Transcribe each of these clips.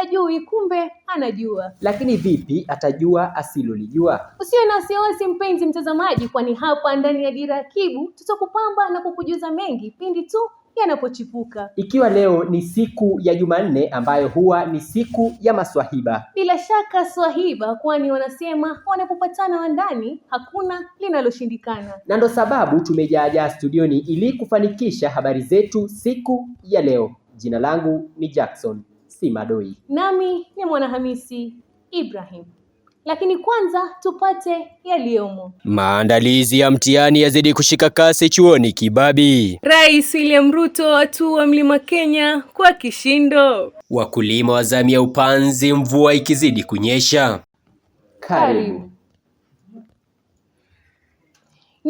hajui, kumbe anajua. Lakini vipi atajua asilolijua? Usiwe na wasiwasi, mpenzi mtazamaji, kwani hapa ndani ya Dira ya Kibu tutakupamba na kukujuza mengi pindi tu yanapochipuka. Ikiwa leo ni siku ya Jumanne ambayo huwa ni siku ya maswahiba, bila shaka swahiba, kwani wanasema wanapopatana wa ndani hakuna linaloshindikana, na ndo sababu tumejaajaa studioni ili kufanikisha habari zetu siku ya leo. Jina langu ni Jackson si Madoi. nami ni Mwanahamisi Ibrahim. Lakini kwanza tupate yaliyomo. Maandalizi ya mtihani yazidi kushika kasi chuoni kibabi Rais William Ruto atua mlima Kenya kwa kishindo. Wakulima wazamia upanzi mvua ikizidi kunyesha. Karibu.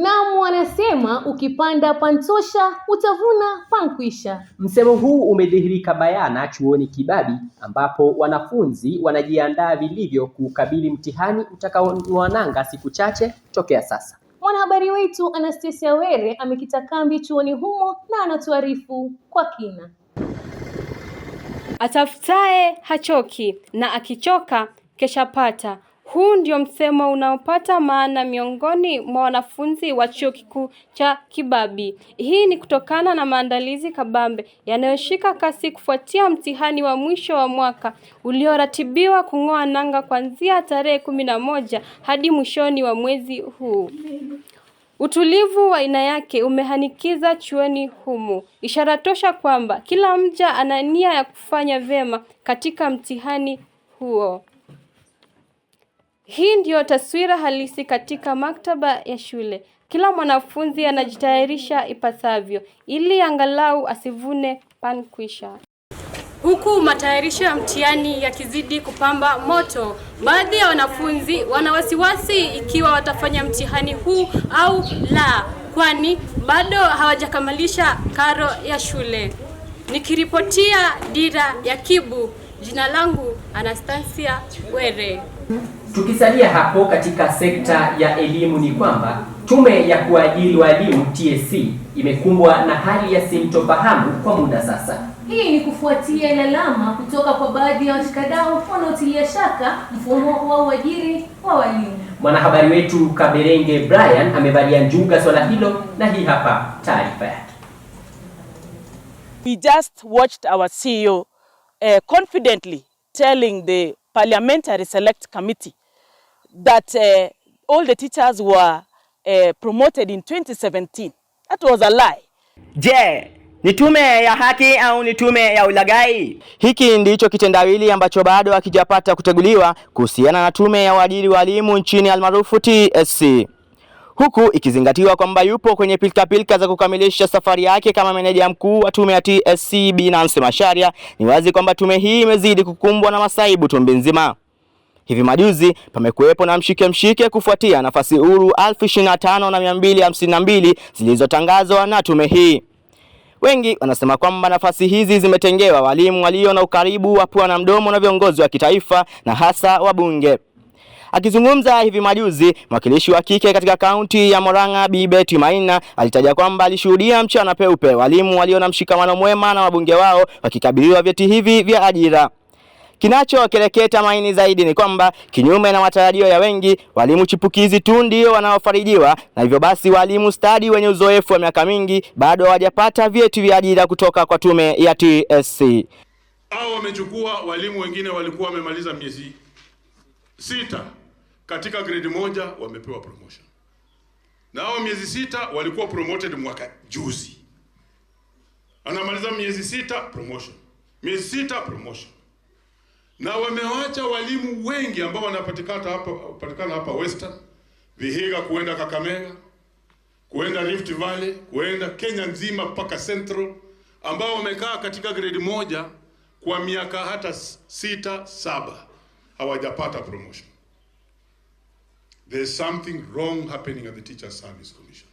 Naam, wanasema ukipanda pantosha utavuna pankwisha. Msemo huu umedhihirika bayana chuoni Kibabi ambapo wanafunzi wanajiandaa vilivyo kuukabili mtihani utakaonwananga siku chache tokea sasa. Mwanahabari wetu Anastasia Were amekita kambi chuoni humo na anatuarifu kwa kina. Atafutaye hachoki na akichoka keshapata huu ndio msemo unaopata maana miongoni mwa wanafunzi wa Chuo Kikuu cha Kibabii. Hii ni kutokana na maandalizi kabambe yanayoshika kasi kufuatia mtihani wa mwisho wa mwaka ulioratibiwa kung'oa nanga kuanzia tarehe kumi na moja hadi mwishoni wa mwezi huu. Utulivu wa aina yake umehanikiza chuoni humu, ishara tosha kwamba kila mja ana nia ya kufanya vyema katika mtihani huo. Hii ndiyo taswira halisi katika maktaba ya shule. Kila mwanafunzi anajitayarisha ipasavyo ili angalau asivune pankwisha. Huku matayarisho ya mtihani yakizidi kupamba moto, baadhi ya wanafunzi wana wasiwasi ikiwa watafanya mtihani huu au la, kwani bado hawajakamilisha karo ya shule. Nikiripotia Dira ya Kibu, jina langu Anastasia Were. Tukisalia hapo katika sekta ya elimu ni kwamba tume ya kuajiri walimu TSC imekumbwa na hali ya sintofahamu kwa muda sasa. Hii ni kufuatia lalama kutoka kwa baadhi ya washikadau wanaotilia shaka mfumo wa uajiri wa walimu. Mwanahabari wetu Kaberenge Brian amevalia njuga swala hilo na hii hapa taarifa yake. We just watched our CEO uh, eh, confidently telling the parliamentary select committee that uh, all the teachers were uh, promoted in 2017. That was a lie. Je, ni tume ya haki au ni tume ya ulagai? Hiki ndicho kitendawili ambacho bado hakijapata kuteguliwa kuhusiana na tume ya uadili walimu nchini almaarufu TSC huku ikizingatiwa kwamba yupo kwenye pilkapilka za kukamilisha safari yake kama meneja mkuu wa tume ya TSC Binance Masharia, Ni wazi kwamba tume hii imezidi kukumbwa na masaibu tumbi nzima. Hivi majuzi pamekuwepo na mshike mshike kufuatia nafasi huru elfu zilizotangazwa na tume hii. Wengi wanasema kwamba nafasi hizi zimetengewa walimu walio na ukaribu wa pua na mdomo na viongozi wa kitaifa na hasa wabunge. Akizungumza hivi majuzi, mwakilishi wa kike katika kaunti ya Murang'a Bi Betty Maina alitaja kwamba alishuhudia mchana peupe walimu walio na mshikamano mwema na wabunge wao wakikabiliwa vyeti hivi vya ajira. Kinachokereketa maini zaidi ni kwamba kinyume na matarajio ya wengi, walimu chipukizi tu ndio wanaofarijiwa, na hivyo basi walimu stadi wenye uzoefu wa miaka mingi bado hawajapata vyeti vya ajira kutoka kwa tume ya TSC. Hao wamechukua walimu wengine walikuwa wamemaliza miezi sita katika grade moja wamepewa promotion, na hao miezi sita walikuwa promoted mwaka juzi, anamaliza miezi sita promotion, miezi sita promotion, na wamewacha walimu wengi ambao wanapatikana hapa, patikana hapa Western Vihiga, kuenda Kakamega, kuenda Rift Valley, kuenda Kenya nzima mpaka Central, ambao wamekaa katika grade moja kwa miaka hata sita saba hawajapata promotion. There's something wrong happening at the Teacher Service Commission.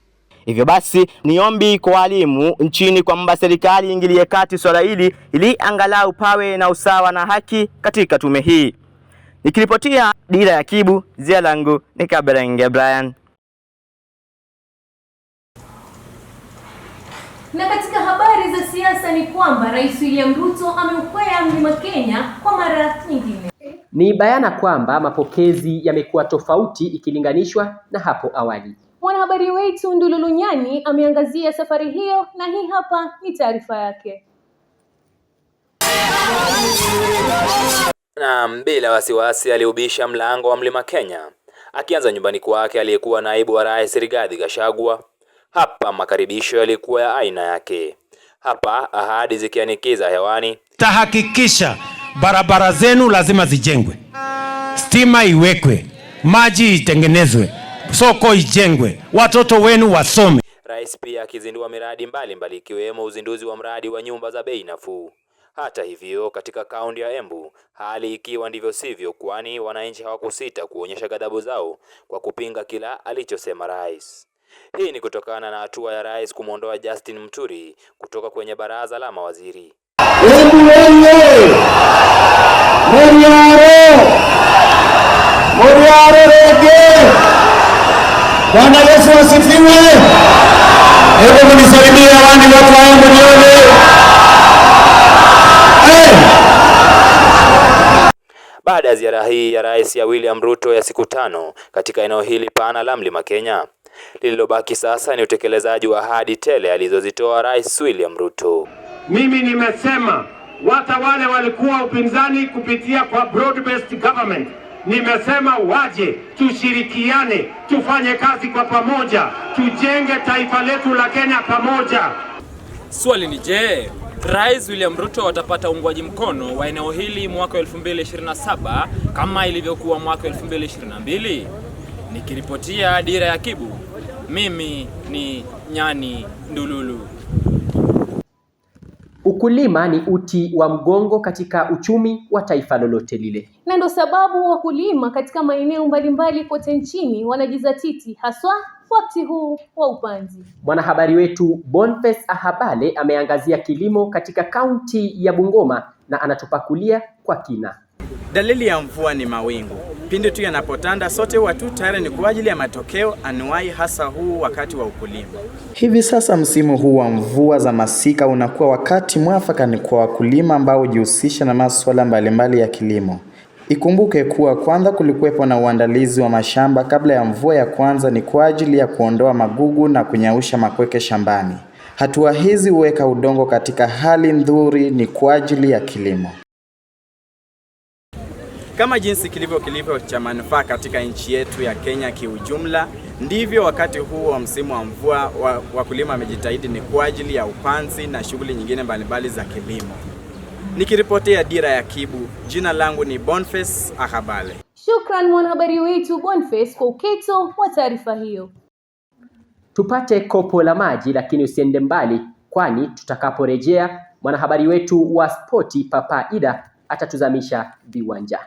Hivyo basi ni ombi kwa walimu nchini kwamba serikali ingilie kati swala hili ili angalau pawe na usawa na haki katika tume hii. Nikiripotia Dira ya Kibu, zia langu ni Kaberenge Brian. Na katika habari za siasa ni kwamba Rais William Ruto ameukwea mlima Kenya kwa mara nyingine. Ni bayana kwamba mapokezi yamekuwa tofauti ikilinganishwa na hapo awali. Mwanahabari wetu Ndulu ameangazia safari hiyo na hii hapa ni taarifa yake. Na bila wasiwasi aliubisha mlango wa Mlima Kenya akianza nyumbani kwake aliyekuwa naibu wa rais Rigathi Gachagua. Hapa makaribisho yalikuwa ya aina yake, hapa ahadi zikianikiza hewani. Tahakikisha barabara zenu lazima zijengwe, stima iwekwe, maji itengenezwe, soko ijengwe, watoto wenu wasome. Rais pia akizindua miradi mbalimbali ikiwemo mbali uzinduzi wa mradi wa nyumba za bei nafuu. Hata hivyo, katika kaunti ya Embu hali ikiwa ndivyo sivyo, kwani wananchi hawakusita kuonyesha ghadhabu zao kwa kupinga kila alichosema rais. Hii ni kutokana na hatua ya rais kumwondoa Justin Muturi kutoka kwenye baraza la mawaziri. Hebu Moriaro, Moriaro Bwana Yesu asifiwe. Hebu mnisalimie watu wangu nione. Baada ya ziara hii ya Rais ya William Ruto ya siku tano katika eneo hili pana la Mlima Kenya, lililobaki sasa ni utekelezaji wa ahadi tele alizozitoa Rais William Ruto. Mimi nimesema hata wale walikuwa upinzani kupitia kwa broad based government, nimesema waje tushirikiane, tufanye kazi kwa pamoja, tujenge taifa letu la Kenya pamoja. Swali ni je, Rais William Ruto atapata uungwaji mkono wa eneo hili mwaka 2027 kama ilivyokuwa mwaka 2022? Nikiripotia Dira ya Kibu, mimi ni Nyani Ndululu. Ukulima ni uti wa mgongo katika uchumi wa taifa lolote lile, na ndio sababu wakulima katika maeneo mbalimbali kote nchini wanajizatiti haswa wakati huu wa upanzi. Mwanahabari wetu Boniface Ahabale ameangazia kilimo katika kaunti ya Bungoma na anatupakulia kwa kina. Dalili ya mvua ni mawingu pindi tu yanapotanda, sote huwa tu tayari ni kwa ajili ya matokeo anuai, hasa huu wakati wa ukulima. Hivi sasa msimu huu wa mvua za masika unakuwa wakati mwafaka ni kwa wakulima ambao hujihusisha na masuala mbalimbali ya kilimo. Ikumbuke kuwa kwanza kulikuwepo na uandalizi wa mashamba kabla ya mvua ya kwanza, ni kwa ajili ya kuondoa magugu na kunyausha makweke shambani. Hatua hizi huweka udongo katika hali nzuri, ni kwa ajili ya kilimo. Kama jinsi kilivyo kilivyo cha manufaa katika nchi yetu ya Kenya kiujumla, ndivyo wakati huu wa msimu wa mvua wakulima wamejitahidi ni kwa ajili ya upanzi na shughuli nyingine mbalimbali za kilimo. Nikiripotia Dira ya Kibu, jina langu ni Boniface Akabale. Shukran mwanahabari wetu Boniface kwa uketo wa taarifa hiyo. Tupate kopo la maji, lakini usiende mbali, kwani tutakaporejea mwanahabari wetu wa spoti Papa Ida atatuzamisha viwanjani.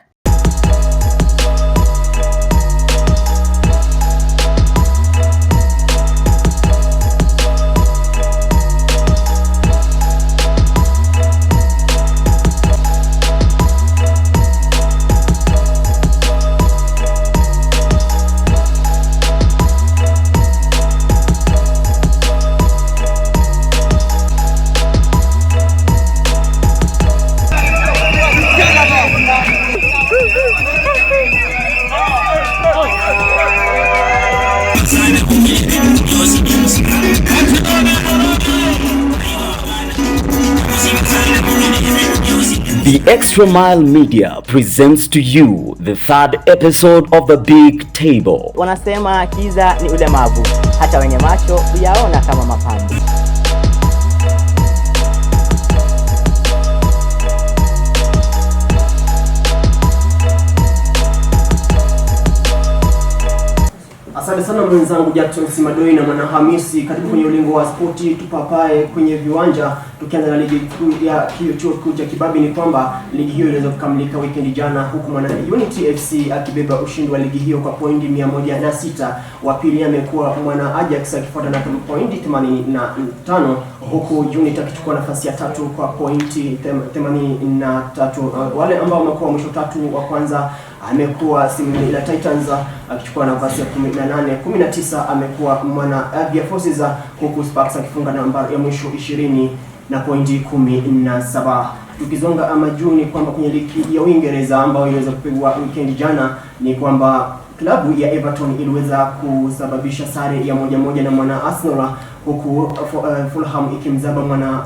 Extra Mile Media presents to you the third episode of the Big Table. Wanasema kiza ni ulemavu, hata wenye macho huyaona kama mapambo. Asante sana mwenzangu Jackson Simadoi na mwana Hamisi. Karibu kwenye ulingo wa spoti, tupapae kwenye viwanja. Tukianza na ligi kuu ya chuo kikuu cha Kibabi, ni kwamba ligi hiyo iliweza kukamilika weekend jana, huku mwana Unity FC akibeba ushindi wa ligi hiyo kwa pointi 106. Wa pili amekuwa mwana Ajax akifuata na pointi 85, huku Unity akichukua nafasi ya tatu kwa pointi 83. Wale ambao wamekuwa mwisho tatu wa kwanza amekuwa Singida Titans akichukua nafasi ya 18, 19 amekuwa mwana Avia Forces, huku Sparks akifunga namba ya mwisho 20 na pointi 17. Tukizonga ama juu ni kwamba kwenye ligi ya Uingereza ambayo iliweza kupigwa weekend jana ni kwamba klabu ya Everton iliweza kusababisha sare ya moja moja na mwana Arsenal, huku eh, Fulham ikimzaba mwana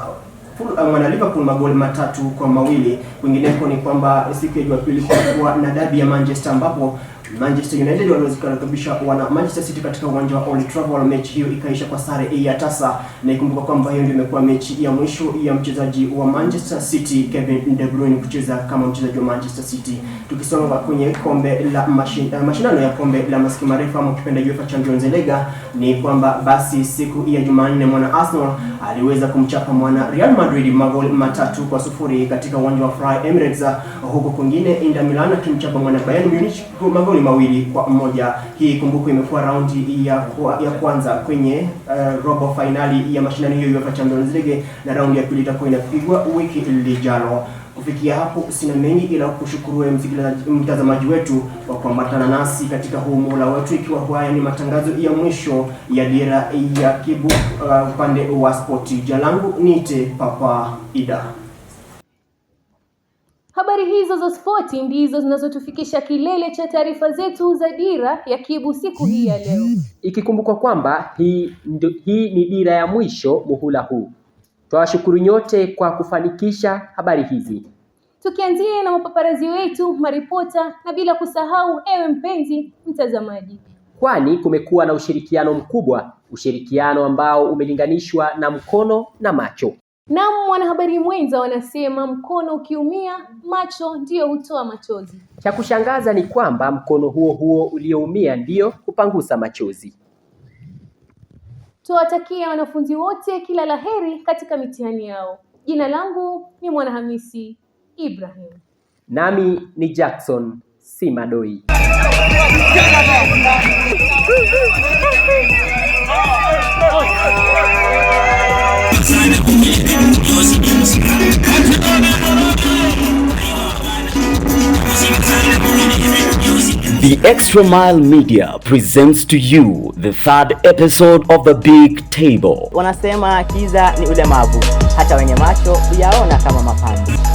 Uh, wana Liverpool magoli matatu kwa mawili. Kwingineko ni kwamba siku ya Jumapili kulikuwa na dabi ya Manchester ambapo Manchester United waliwezekana kabisa wana Manchester City katika uwanja wa Old Trafford, mechi hiyo ikaisha kwa sare ya tasa, na ikumbuka kwamba hiyo ndio imekuwa mechi ya mwisho ya mchezaji wa Manchester City Kevin De Bruyne kucheza kama mchezaji wa Manchester City. Tukisonga kwenye kombe la eh, mashindano machina, ya kombe la masikio marefu ama ukipenda UEFA Champions League, ni kwamba basi siku ya Jumanne mwana Arsenal aliweza kumchapa mwana Real Madrid magoli matatu kwa sufuri katika uwanja wa Fly Emirates, huko kwingine Inter Milan kimchapa mwana Bayern Munich magoli magoli mawili kwa moja. Hii kumbuko, imekuwa raundi ya, ya kwanza kwenye uh, robo fainali ya mashindano hiyo ya UEFA Champions League na raundi ya pili itakuwa inapigwa wiki lijalo. Kufikia hapo sina mengi ila kushukuru mtazamaji wetu kwa kuambatana nasi katika huu muhula wetu, ikiwa haya ni matangazo ya mwisho ya Dira ya Kibu eh, upande uh, wa spoti. Jina langu niite Papa Ida. Habari hizo za spoti ndizo zinazotufikisha kilele cha taarifa zetu za Dira ya Kibu siku hii ya leo, ikikumbukwa kwamba hii, hii ni dira ya mwisho muhula huu. Twawashukuru nyote kwa kufanikisha habari hizi, tukianzia na mapaparazi wetu, maripota na bila kusahau ewe mpenzi mtazamaji, kwani kumekuwa na ushirikiano mkubwa, ushirikiano ambao umelinganishwa na mkono na macho Naam, mwanahabari mwenza wanasema mkono ukiumia macho ndiyo hutoa machozi. Cha kushangaza ni kwamba mkono huo huo ulioumia ndiyo hupangusa machozi. Tuwatakia wanafunzi wote kila laheri katika mitihani yao. Jina langu ni Mwanahamisi Ibrahim, nami ni Jackson Simadoi. The Extra Mile Media presents to you the third episode of the Big Table. Wanasema kiza ni ulemavu, hata wenye macho huyaona kama mapambo.